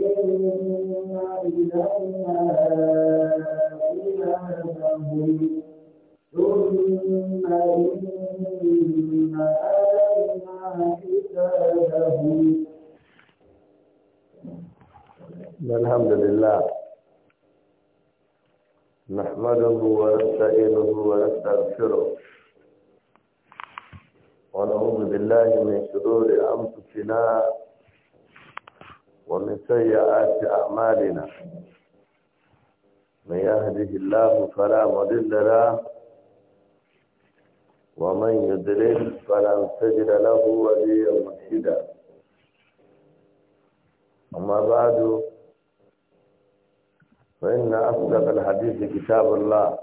إنا إلينا إلههم ثم إن علينا حسابهم الحمد لله نحمده ونستعينه ونستغفره ونعوذ بالله من شرور أنفسنا ومن سيئات أعمالنا من يهده الله فلا مضل له ومن يضلل فلن تجد له وليا مرشدا أما بعد فإن أصدق الحديث كتاب الله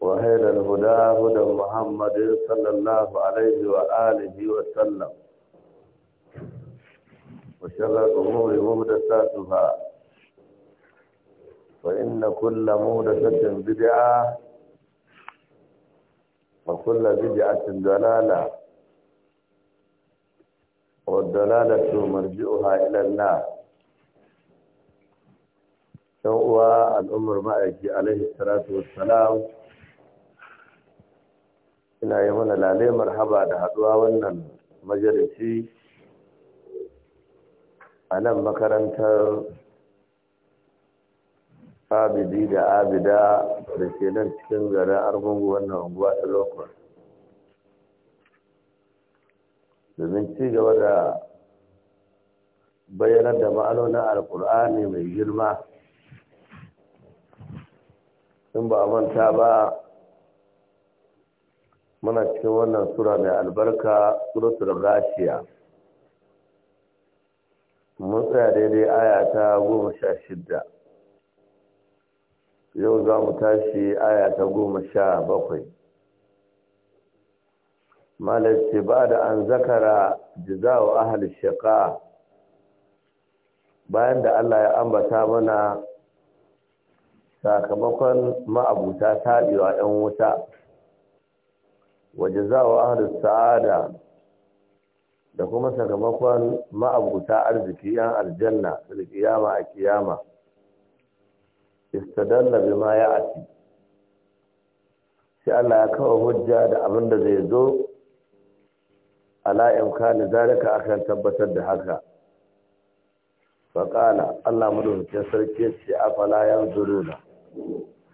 وخير الهدى هدى محمد صلى الله عليه وآله وسلم وشر الأمور مهدساتها فإن كل مهدسة بدعة وكل بدعة ضلالة والضلالة مرجعها إلى الله سوء الأمر معك عليه الصلاة والسلام ina yi mana lale marhaba da haduwa wannan majalisi a nan makarantar abidi da abida da ke nan cikin garin argungu wannan unguwa ta lokal domin ci gaba da bayanar da ma'anonin alkur'ani mai girma in ba manta ba muna cikin wannan sura mai albarka suratul gashiya mun tsaya daidai aya ta goma sha shidda yau za mu tashi aya ta goma sha bakwai malarci ba da an zakara jizawa ahal shaka bayan da allah ya ambata mana sakamakon ma'abuta taɗewa 'yan wuta wa ahal sa'ada da kuma sakamakon ma'abuta arziki yan aljanna da kiyama a kiyama istadalla bima ya ati sai Allah ya kawo hujja da abin da zai zo ala imkani zalika akan tabbatar da haka faƙala Allah madaukakin sarki ce afala yanzuruna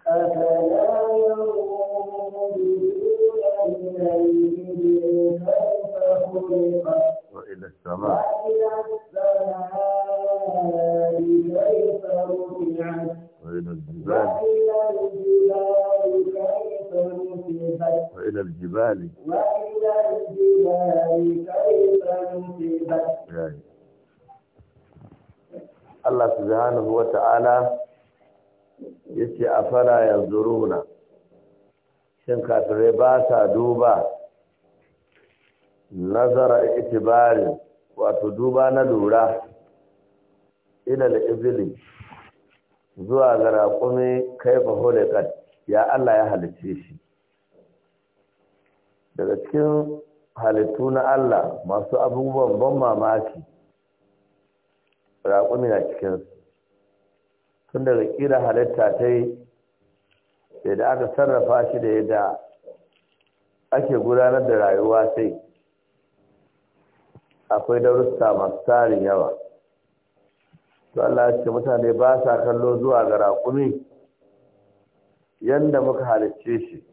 afala yanzuruna وإلى السماء وإلى الجبال وإلى الجبال وإلى الجبال الله سبحانه وتعالى يتي أفلا ينظرون شنك أتريباسا دوبا دوبا nazara itibari wato duba na lura ila da ibili zuwa ga raƙumi kaifa hulikat ya Allah ya halicce shi daga cikin halittu na Allah masu abubuwan ban mamaki raƙumi na cikinsu tun daga ƙira halitta ta yi da aka sarrafa shi da yadda ake gudanar da rayuwa sai akwai darussa masu tsarin yawa to Allah ya ce mutane ba sa kallo zuwa ga raƙumi yanda muka halicce shi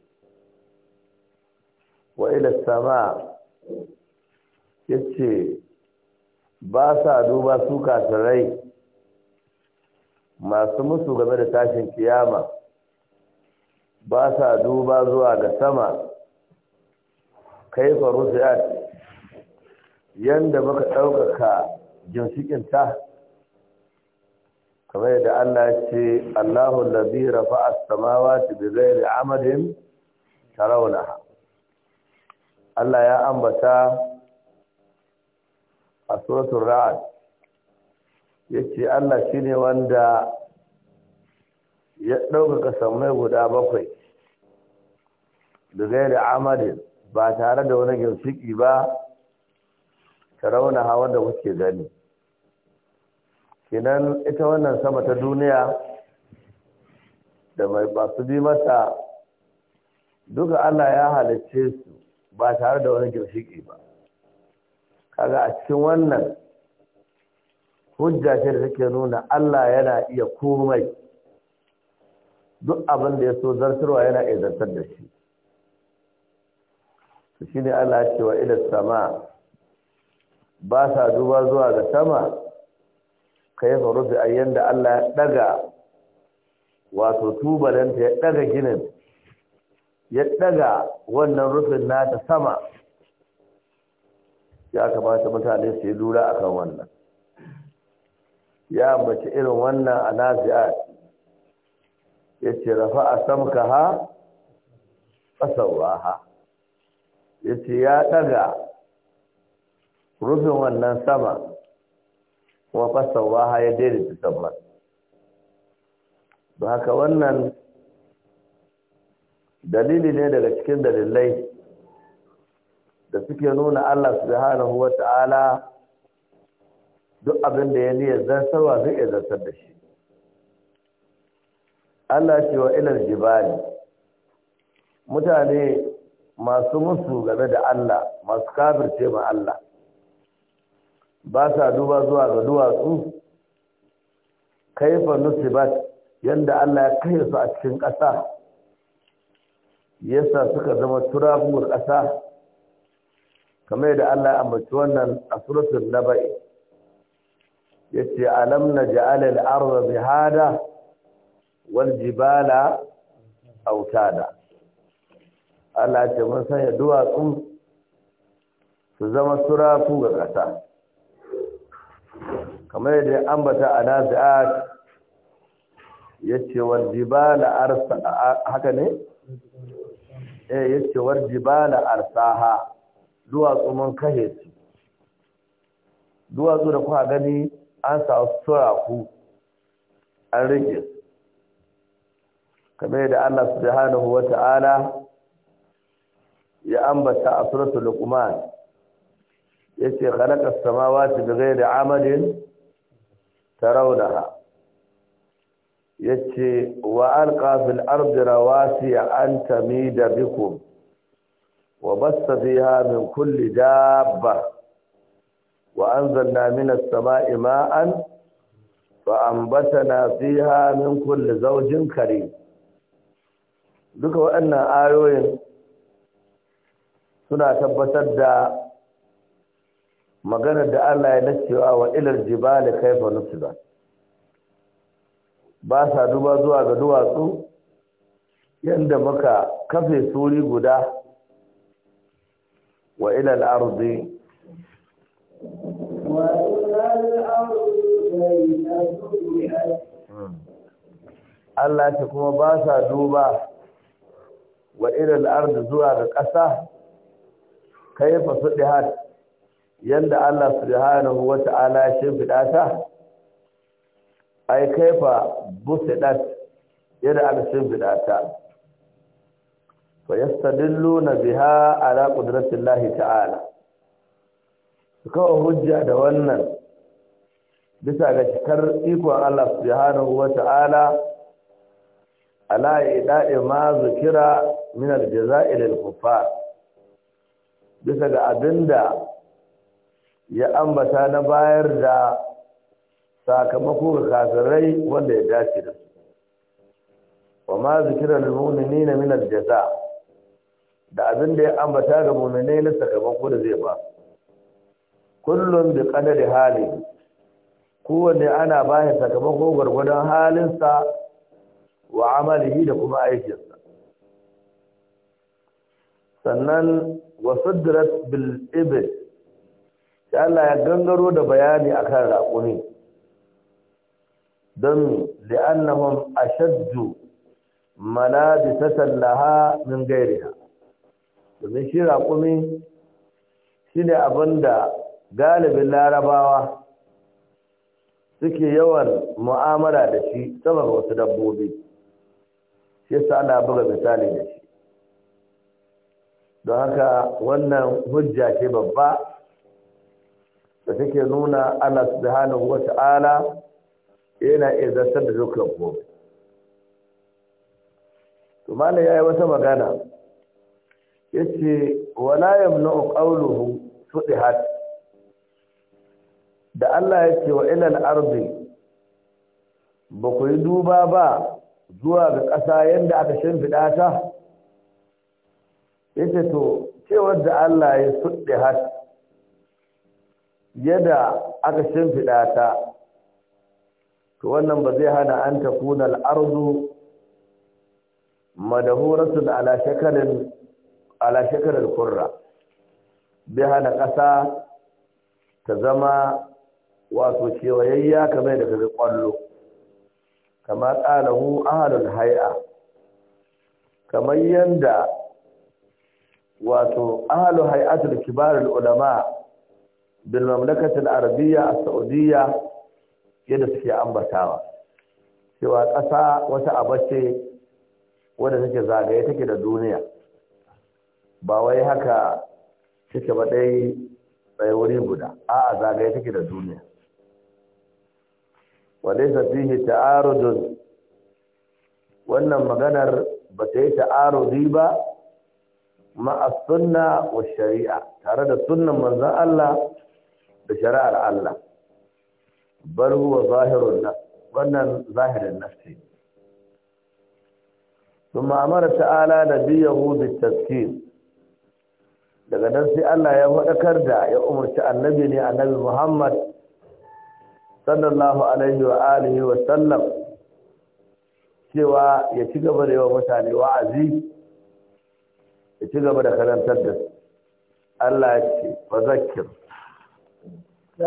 wa ila sama yace ba sa duba su kasarai masu musu game da tashin kiyama ba sa duba zuwa ga sama kai faru rusiyat yanda baka ɗaukaka ginshikinta kamar yadda Allah ce Allahu allazi rafa'a as-samawati da amadin tarawnaha Allah ya ambata a suratul ra'd yace Allah shine wanda ya ɗaukaka sammai guda bakwai da amadin ba tare da wani ginshiki ba rauna hawa da kuke gani kinan ita wannan sama ta duniya da mai basu bi mata duka Allah ya halicce su ba tare da wani girshiki ba kaga a cikin wannan hujja ce da take nuna Allah yana iya komai duk abin da ya so zartarwa yana iya zartar da shi shi ne Allah ce wa ila sama ba sa duba zuwa ga sama kai faru rufi ayyan da Allah ya daga wato tubalanta ya daga ginin ya daga wannan rufin nata sama ya kamata mutane su yi lura akan wannan ya ambaci irin wannan a nazi'at ya ce rafa a samka ha ƙasarwa ha ya ce ya daga rufin wannan sama wa fasawaha ya daidaita sama ba haka wannan dalili ne daga cikin dalilai da suke nuna Allah hana huwa ta'ala duk abin da ya zan zartarwa zai iya zartar da shi Allah ce wa ilar jibali mutane masu musu game da Allah masu kafirce ma Allah ba sa duba zuwa ga duwatsu kaifa nusibat yanda Allah ya kai su a cikin ƙasa yasa suka zama turabur ƙasa kamar yadda Allah ya ambaci wannan a suratul naba'i yace alam naj'al al-ardha bihada wal jibala autada Allah ya ce mun sanya duwatsu su zama turafu ga ƙasa kamar yadda ambata a nazi'at ya ce warjibala arsa haka ne? eh ya ce warjibala arsaha duwatsu mun kahe su duwatsu da kuka gani an samu ku? an rike kamar yadda Allah subhanahu Ta'ala ya ambata a suratul luqman yace khalaqa as-samawati bighayri amalin tarawnaha yace wa alqa fil ardi rawasiya an tamida bikum wa bassa fiha min kulli dabba wa anzalna as samai ma'an fa anbatana fiha min kulli zawjin karim duka waɗannan ayoyin suna tabbatar da maganar da Allah ya nace wa ilar jibali kaifa nusiba ba sa duba zuwa ga duwatsu yanda muka kafe suri guda wa ilal ardi Allah ce kuma ba sa duba wa ilal ardi zuwa ga ƙasa kaifa sudihat Yadda Allah subhanahu Ta'ala ya shimfida ta ai kaifa busidat yadda aka shimfida ta fa na biha ala lahi ta'ala kawai hujja da wannan bisa ga cikar ikon Allah subhanahu Ta'ala ala ida'i ma zikira min al-jaza'il al-kuffar bisa ga abinda ya ambata na bayar da sakamako ga wanda ya dace da su wa ma zikira lil mu'minina min al-jaza da abin da ya ambata ga mu'minai na sakamako da zai ba kullum bi qadari hali kowanne ana ba shi sakamako gwargwadon halinsa wa amalihi da kuma aikinsa sannan dirat bil ibil sai Allah ya gangaro da bayani akan raƙumi don li'annahum ashaddu malabisatan laha min gairiha domin shi raƙumi shine abinda galibin larabawa suke yawan mu'amala da shi saboda wasu dabbobi shi yasa ana buga misali da shi don haka wannan hujja ce babba da take nuna Allah subhanahu wa ta'ala yana iya da dukkan komai to mala yayi wata magana yace wala yamna'u qawluhu hat da Allah yace wa ilal ardi ba ku yi duba ba zuwa ga ƙasa yadda aka shimfiɗa ta yace to cewar da Allah ya hat yadda aka shimfiɗa ta to wannan ba zai hana an takuna ardu, madahuratun ala shakalin ala shakalin kurra bai hana ƙasa ta zama wato kewayayya kamar da kaga kwallo kama qalahu ahlul hay'a kamar yanda wato ahlul hay'atul kibarul ulama bil mamlakatul Arabiya a saudiyya yadda suke ambatawa cewa ƙasa wata abace wadda take zagaye take da duniya ba wai haka take ba dai tsaye wuri guda a zagaye take da duniya walaysa fihi ta'arudun wannan maganar ba ta yi ta'arudi ba ma'a sunna wa shari'a tare da sunnan manzon Allah da shari'ar Allah bal huwa zahirun nas wannan zahirin nafsi kuma amara ta'ala nabiyahu bitaskir daga nan sai Allah ya faɗakar da ya umarci annabi ne annabi Muhammad sallallahu alaihi wa alihi wa sallam cewa ya ci gaba da yawa mutane wa'azi ya ci gaba da karantar da Allah ya ce fa zakir Mm.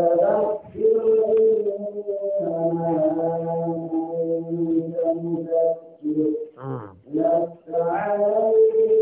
mm.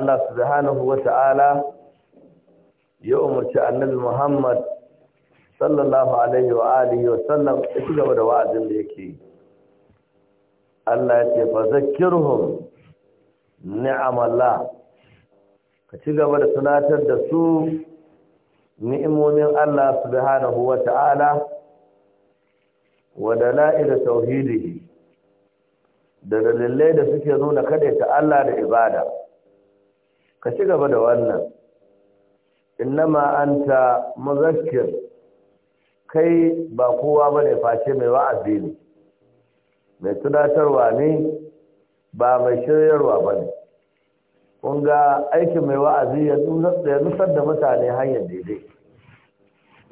Allah subhanahu wa ta'ala ya umarci annabi Muhammad sallallahu alaihi wa alihi wa sallam ya ci gaba da wa'azin da yake Allah ya ce fa zakkirhum ni'amallah ka ci gaba da tunatar da su ni'imomin Allah subhanahu wa ta'ala wa la’ida tauhidihi da dalilai da suke nuna kada ta Allah da ibada ka ci gaba da wannan innama anta muzakkir kai ba kowa bane face mai wa'azi ne mai tunatarwa ne ba mai shiryarwa bane kun ga aikin mai wa'azi ya nusar da mutane hanyar daidai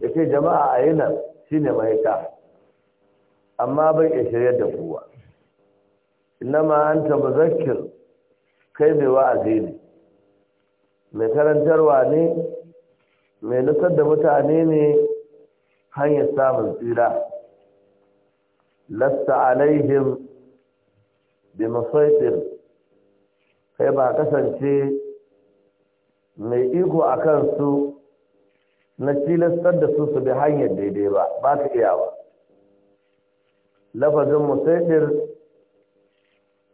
ya ce jama'a a yi nan shine ne mahita amma bai iya shiryar da kowa innama anta muzakkir kai mai wa'azi ne mai karantarwa ne mai nutsar da mutane ne hanyar samun tsira lasta alaihim bi masaitir kai ba kasance mai iko a kansu na tilastar da su su bi hanyar daidai ba ba ka iyawa lafazin musaitir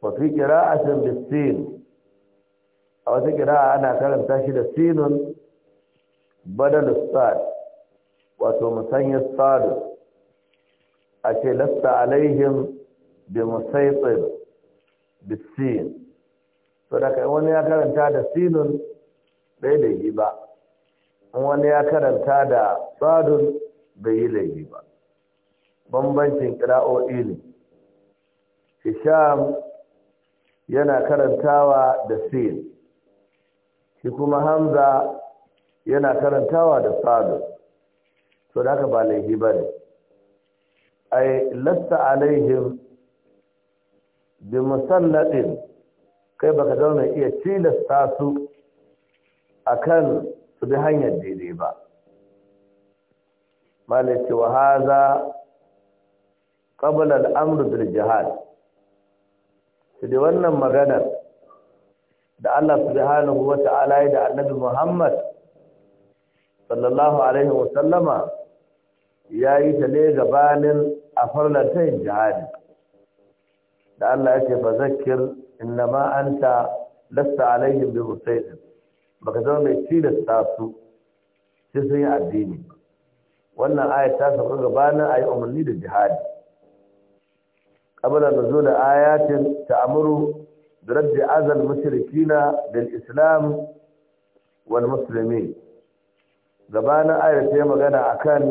wafi kira'atin bisin a wata kira'a ana karanta shi da sinun badal sad wato musanya sadu a ce lasta alaihim bi musaytir bi sin to da kai wani ya karanta da sinun bai da yi ba wani ya karanta da sadun bai yi laifi ba bambancin kira'o'i ne hisham yana karantawa da sin shi kuma hamza yana karantawa da sadu to da haka ba laifi ba ne ai lasta alaihim bi musallatin kai baka zauna iya tilasta su akan su bi hanyar daidai ba malaki wa haza qabla al-amr bil jihad wannan maganar da Allah subhanahu wa ta'ala da annabi Muhammad sallallahu alaihi wa sallama ya yi ta ne gabanin a farlantayin jihadi da Allah ya ce fa inna innama anta lasta alaihim bi musaidin baka zama mai tilasta su sai sun yi addini wannan aya ta sauka gabanin ayi umarni da jihadi qabla nuzul ayatin ta'muru برد أذى المشركين للإسلام والمسلمين gabanin ayar ta yi magana akan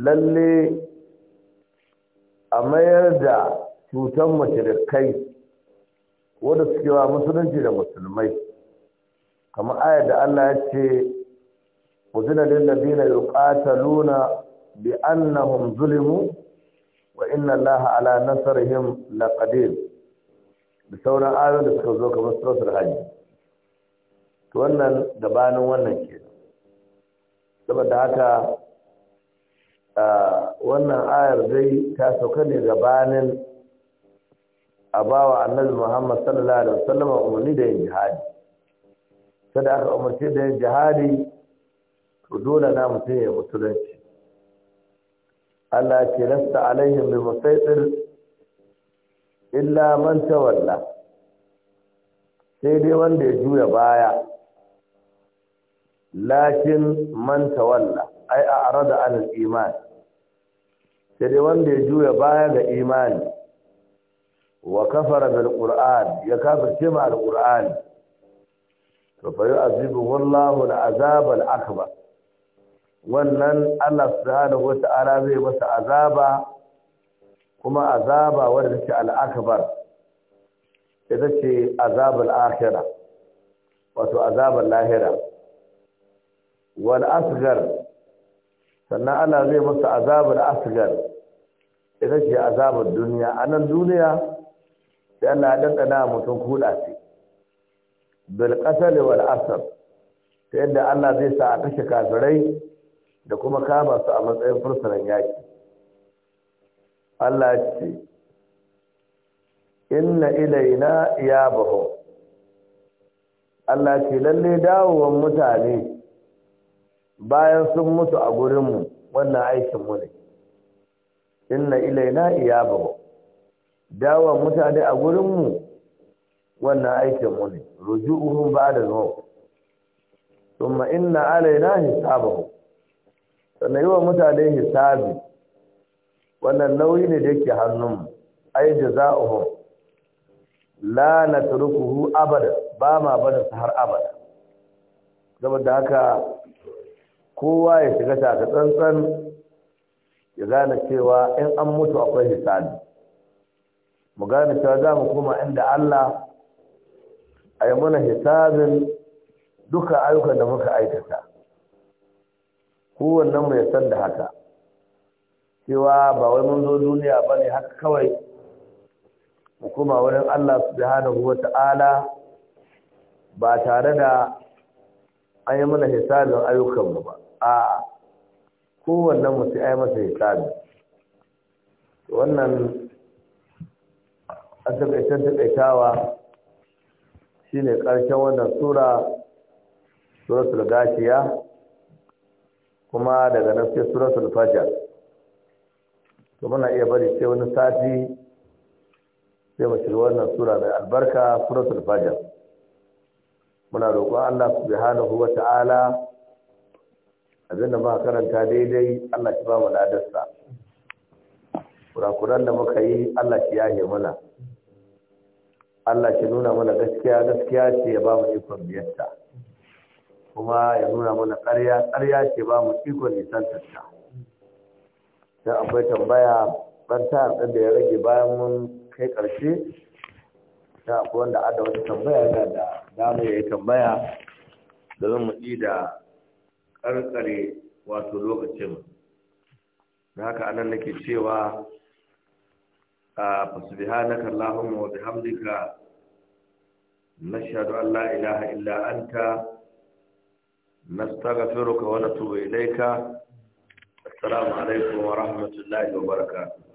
lalle a mayar da cutar mashirikai wadda suke wa musulunci da musulmai kamar ayar da Allah ya ce uzina lillazina yuqataluna bi annahum zulimu wa inna allaha ala nasrihim laqadir sauran ayoyin da suka zo kamar suratul hajj to wannan gabanin wannan ke saboda haka wannan ayar dai ta sauka ne gabanin a bawa annabi Muhammad sallallahu alaihi wasallam umarni da yin jihadi sai aka umarci da yin jihadi to dole na mutum ya musulunci Allah ya ce lasta alaihim bi musaitir illa man tawalla sai dai wanda ya juya baya lakin man tawalla ai a arada an iman sai dai wanda ya juya baya ga imani wa kafara bil qur'an ya kafirce ma al qur'an to fa yu'azibuhu wallahu al azab al akbar wannan Allah subhanahu wata'ala zai masa azaba kuma azaba wanda yake al akbar ita ce azabul akhira wato azabul lahira wal asgar sannan ana zai masa azabul asgar ita ce azabul duniya anan duniya sai Allah ya mutum kuda ce bil qasal wal asr ta yadda Allah zai sa a kashe kafirai da kuma kama su a matsayin fursunan yaki Allah ya ce inna ilaina iyabahu Allah ce lalle dawowan mutane bayan sun mutu a gurinmu wannan aikin mu ne inna ilaina iyabahu dawowan mutane a gurinmu wannan aikin mu ne ruju'uhum ba'da zuwa kuma inna alaina hisabahu sannan yi wa mutane hisabi wannan nauyi ne da yake hannunmu ai jaza'uhum la turukuhu abada ba ma bada su har abada saboda haka kowa ya shiga taka tsantsan ya gane cewa in an mutu akwai hisabi mu gane cewa za mu koma inda Allah a yi mana hisabin duka ayyukan da muka aikata kowannen mu ya san da haka cewa ba wai mun zo duniya ba ne haka kawai mu koma wurin Allah subhanahu wata'ala ba tare da an yi mana hisabin ayyukanmu ba a kowanne mu sai yi masa hisabi wannan a takaitan takaitawa shine karshen wannan sura suratul gashiya kuma daga nan sai suratul fajar to muna iya bari sai wani sati sai mu shiga wannan sura mai albarka suratul fajr muna roƙon Allah subhanahu wata'ala abinda muka karanta daidai Allah shi ba mu ladarsa kurakuran da muka yi Allah shi yahe mana Allah shi nuna mana gaskiya gaskiya ce ya ba mu ikon biyarta kuma ya nuna mana ƙarya ƙarya ce ba mu ikon nisantarta sai akwai tambaya ban ta da ya rage bayan mun kai ƙarshe da akwai wanda ada wata tambaya yana da dama ya yi tambaya da zan muɗi da ƙarƙare wato lokacin da haka anan nake cewa a fasubihanaka Allahumma wa bihamdika nashhadu an la ilaha illa anta na wa natubu ilayka assalamu alaikum wa rahmatullahi wa barakatuh